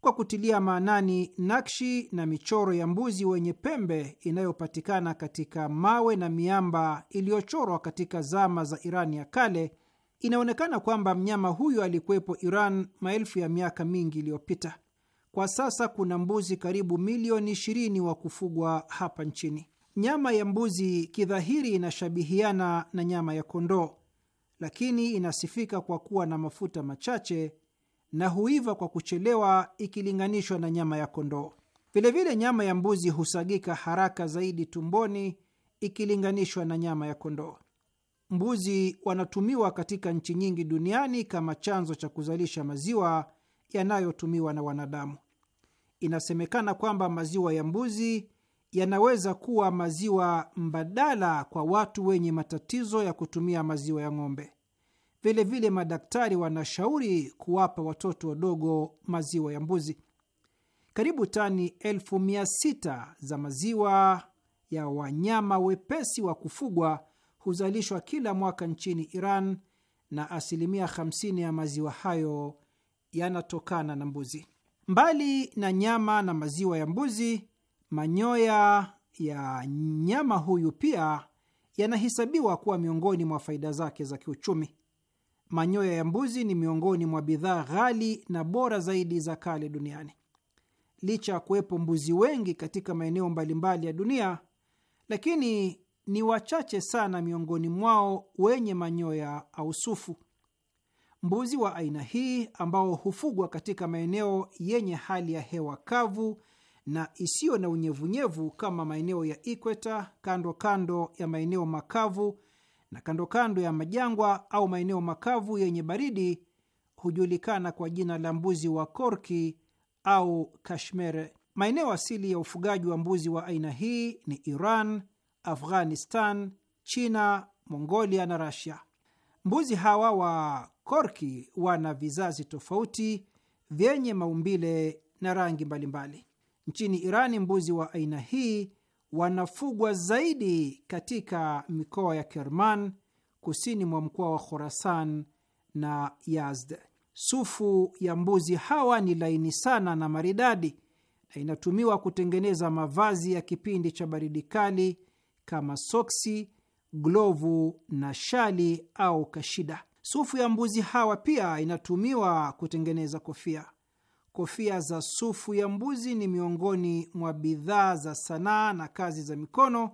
E: kwa kutilia maanani nakshi na michoro ya mbuzi wenye pembe inayopatikana katika mawe na miamba iliyochorwa katika zama za iran ya kale, inaonekana kwamba mnyama huyo alikuwepo Iran maelfu ya miaka mingi iliyopita. Kwa sasa kuna mbuzi karibu milioni 20 wa kufugwa hapa nchini. Nyama ya mbuzi kidhahiri inashabihiana na nyama ya kondoo, lakini inasifika kwa kuwa na mafuta machache na huiva kwa kuchelewa ikilinganishwa na nyama ya kondoo. Vilevile nyama ya mbuzi husagika haraka zaidi tumboni ikilinganishwa na nyama ya kondoo. Mbuzi wanatumiwa katika nchi nyingi duniani kama chanzo cha kuzalisha maziwa yanayotumiwa na wanadamu. Inasemekana kwamba maziwa ya mbuzi yanaweza kuwa maziwa mbadala kwa watu wenye matatizo ya kutumia maziwa ya ng'ombe. Vilevile vile madaktari wanashauri kuwapa watoto wadogo maziwa ya mbuzi. Karibu tani elfu mia sita za maziwa ya wanyama wepesi wa kufugwa huzalishwa kila mwaka nchini Iran na asilimia 50 ya maziwa hayo yanatokana na mbuzi. Mbali na nyama na maziwa ya mbuzi, manyoya ya nyama huyu pia yanahesabiwa kuwa miongoni mwa faida zake za kiuchumi manyoya ya mbuzi ni miongoni mwa bidhaa ghali na bora zaidi za kale duniani. Licha ya kuwepo mbuzi wengi katika maeneo mbalimbali ya dunia, lakini ni wachache sana miongoni mwao wenye manyoya au sufu. Mbuzi wa aina hii ambao hufugwa katika maeneo yenye hali ya hewa kavu na isiyo na unyevunyevu kama maeneo ya ikweta, kando kando ya maeneo makavu na kando kando ya majangwa au maeneo makavu yenye baridi hujulikana kwa jina la mbuzi wa korki au Kashmere. Maeneo asili ya ufugaji wa mbuzi wa aina hii ni Iran, Afghanistan, China, Mongolia na Rasia. Mbuzi hawa wa korki wana vizazi tofauti vyenye maumbile na rangi mbalimbali. Nchini Irani, mbuzi wa aina hii wanafugwa zaidi katika mikoa ya Kerman kusini mwa mkoa wa Khorasan na Yazd. Sufu ya mbuzi hawa ni laini sana na maridadi na inatumiwa kutengeneza mavazi ya kipindi cha baridi kali kama soksi, glovu na shali au kashida. Sufu ya mbuzi hawa pia inatumiwa kutengeneza kofia. Kofia za sufu ya mbuzi ni miongoni mwa bidhaa za sanaa na kazi za mikono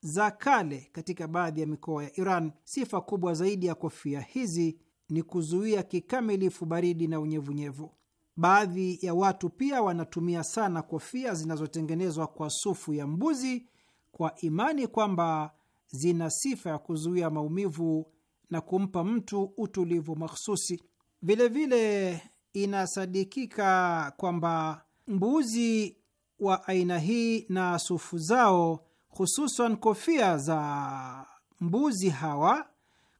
E: za kale katika baadhi ya mikoa ya Iran. Sifa kubwa zaidi ya kofia hizi ni kuzuia kikamilifu baridi na unyevunyevu. Baadhi ya watu pia wanatumia sana kofia zinazotengenezwa kwa sufu ya mbuzi kwa imani kwamba zina sifa ya kuzuia maumivu na kumpa mtu utulivu makhususi. Vilevile inasadikika kwamba mbuzi wa aina hii na sufu zao, hususan kofia za mbuzi hawa,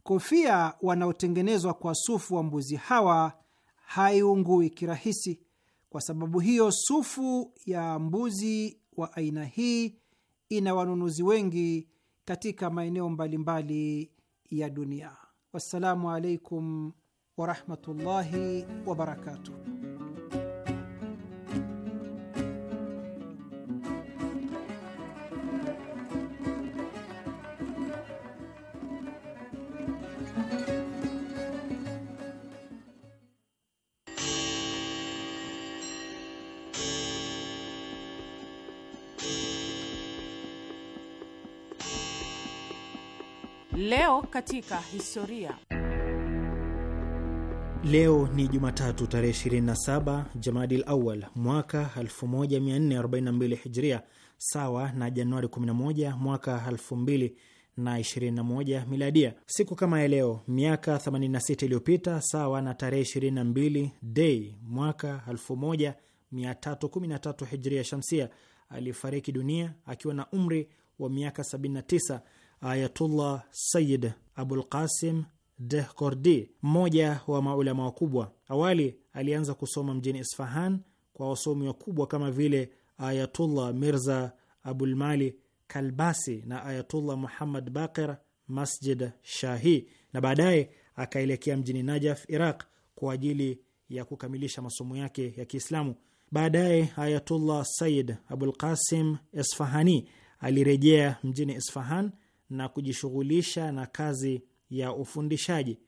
E: kofia wanaotengenezwa kwa sufu wa mbuzi hawa haiungui kirahisi. Kwa sababu hiyo, sufu ya mbuzi wa aina hii ina wanunuzi wengi katika maeneo mbalimbali ya dunia. Wassalamu alaikum warahmatullahi wabarakatuh
D: Leo katika historia.
C: Leo ni Jumatatu tarehe 27 Jamadil Awal mwaka 1442 Hijria, sawa na Januari 11 mwaka 2021 Miladia. Siku kama ya leo miaka 86 iliyopita, sawa na tarehe 22 Dei mwaka 1313 Hijria Shamsia, alifariki dunia akiwa na umri wa miaka 79 Ayatullah Sayid Abul Qasim Dehkordi, mmoja wa maulama wakubwa. Awali alianza kusoma mjini Isfahan kwa wasomi wakubwa kama vile Ayatullah Mirza Abulmali Kalbasi na Ayatullah Muhammad Baqir Masjid Shahi, na baadaye akaelekea mjini Najaf, Iraq, kwa ajili ya kukamilisha masomo yake ya Kiislamu. Baadaye Ayatullah Sayid Abul Qasim alirejea mjini Isfahan na kujishughulisha na kazi ya ufundishaji,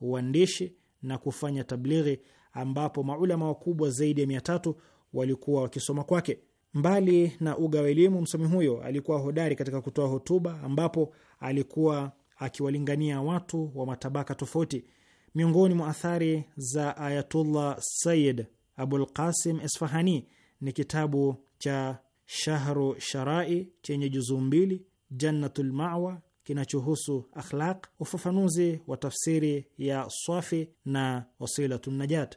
C: uandishi na kufanya tablighi, ambapo maulama wakubwa zaidi ya mia tatu walikuwa wakisoma kwake. Mbali na uga wa elimu, msomi huyo alikuwa hodari katika kutoa hotuba, ambapo alikuwa akiwalingania watu wa matabaka tofauti. Miongoni mwa athari za Ayatullah Sayid Abul Qasim Esfahani ni kitabu cha Shahru Sharai chenye juzuu mbili, Jannatul Mawa kinachohusu akhlaq, ufafanuzi wa tafsiri ya Swafi na Wasilatu Najat.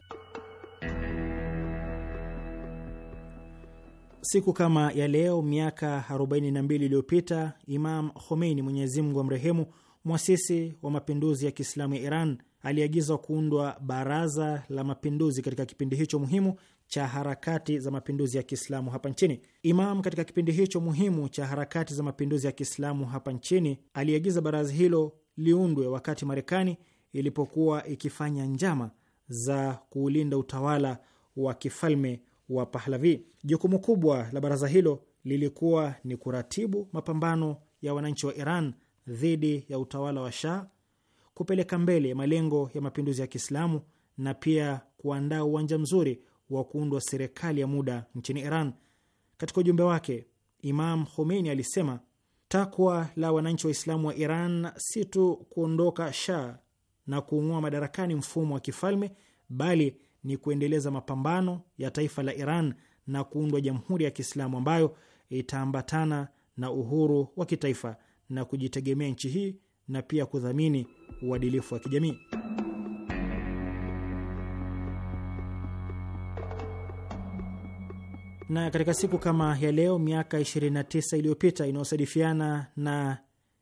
C: Siku kama ya leo miaka 42 iliyopita Imam Khomeini, Mwenyezi Mungu amrehemu, mwasisi wa mapinduzi ya Kiislamu ya Iran, aliagiza kuundwa baraza la mapinduzi katika kipindi hicho muhimu cha harakati za mapinduzi ya Kiislamu hapa nchini. Imam katika kipindi hicho muhimu cha harakati za mapinduzi ya Kiislamu hapa nchini aliagiza baraza hilo liundwe wakati Marekani ilipokuwa ikifanya njama za kuulinda utawala wa kifalme wa Pahlavi. Jukumu kubwa la baraza hilo lilikuwa ni kuratibu mapambano ya wananchi wa Iran dhidi ya utawala wa Shah, kupeleka mbele malengo ya mapinduzi ya Kiislamu na pia kuandaa uwanja mzuri wa kuundwa serikali ya muda nchini Iran. Katika ujumbe wake, Imam Khomeini alisema takwa la wananchi wa islamu wa Iran si tu kuondoka Shah na kuung'oa madarakani mfumo wa kifalme, bali ni kuendeleza mapambano ya taifa la Iran na kuundwa jamhuri ya Kiislamu ambayo itaambatana na uhuru wa kitaifa na kujitegemea nchi hii na pia kudhamini uadilifu wa kijamii. Na katika siku kama ya leo miaka 29 iliyopita inayosadifiana na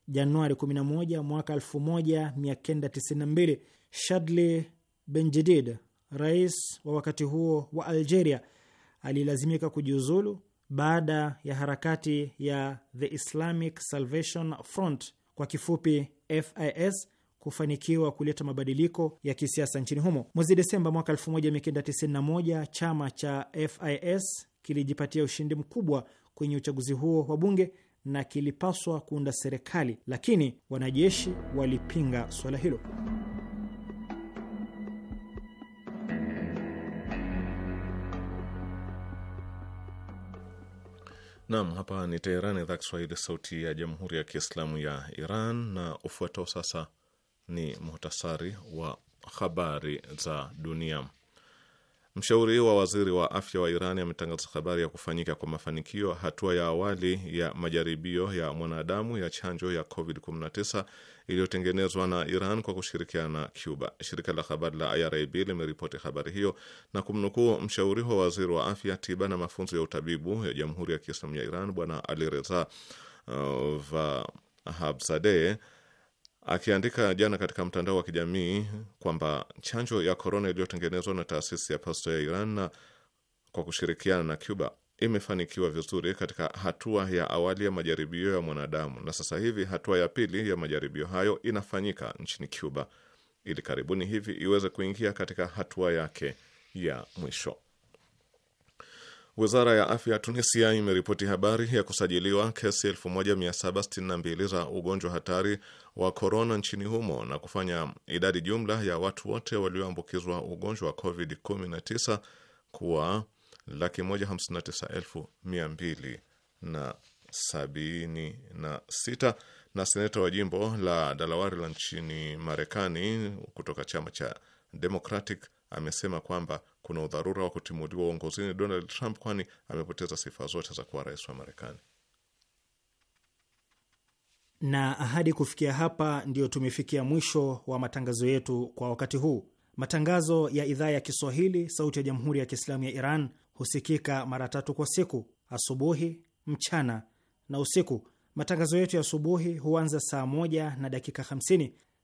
C: Januari 11 mwaka 1992, Shadli Benjedid, rais wa wakati huo wa Algeria, alilazimika kujiuzulu baada ya harakati ya The Islamic Salvation Front kwa kifupi FIS kufanikiwa kuleta mabadiliko ya kisiasa nchini humo. Mwezi Desemba mwaka 1991, chama cha FIS kilijipatia ushindi mkubwa kwenye uchaguzi huo wa bunge na kilipaswa kuunda serikali, lakini wanajeshi walipinga suala hilo.
A: Nam, hapa ni Teherani, idhaa Kiswahili, sauti ya jamhuri ya kiislamu ya Iran. Na ufuatao sasa ni muhtasari wa habari za dunia. Mshauri wa waziri wa afya wa Iran ametangaza habari ya kufanyika kwa mafanikio hatua ya awali ya majaribio ya mwanadamu ya chanjo ya COVID-19 iliyotengenezwa na Iran kwa kushirikiana na Cuba. Shirika la habari la IRIB limeripoti habari hiyo na kumnukuu mshauri wa waziri wa afya, tiba na mafunzo ya utabibu ya Jamhuri ya Kiislamu ya Iran Bwana Alireza uh, Vahabzadeh akiandika jana katika mtandao wa kijamii kwamba chanjo ya korona iliyotengenezwa na taasisi ya Pasteur ya Iran kwa kushirikiana na Cuba imefanikiwa vizuri katika hatua ya awali ya majaribio ya mwanadamu, na sasa hivi hatua ya pili ya majaribio hayo inafanyika nchini Cuba ili karibuni hivi iweze kuingia katika hatua yake ya mwisho. Wizara ya afya ya Tunisia imeripoti habari ya kusajiliwa kesi 1762 za ugonjwa hatari wa korona nchini humo na kufanya idadi jumla ya watu wote walioambukizwa ugonjwa wa COVID-19 kuwa laki 159276 na na Na seneta wa jimbo la Delaware la nchini Marekani kutoka chama cha Democratic amesema kwamba kuna udharura wa kutimuliwa uongozini Donald Trump, kwani amepoteza sifa zote za kuwa rais wa Marekani.
C: Na ahadi kufikia hapa, ndiyo tumefikia mwisho wa matangazo yetu kwa wakati huu. Matangazo ya idhaa ya Kiswahili sauti ya jamhuri ya Kiislamu ya Iran husikika mara tatu kwa siku: asubuhi, mchana na usiku. Matangazo yetu ya asubuhi huanza saa moja na dakika 50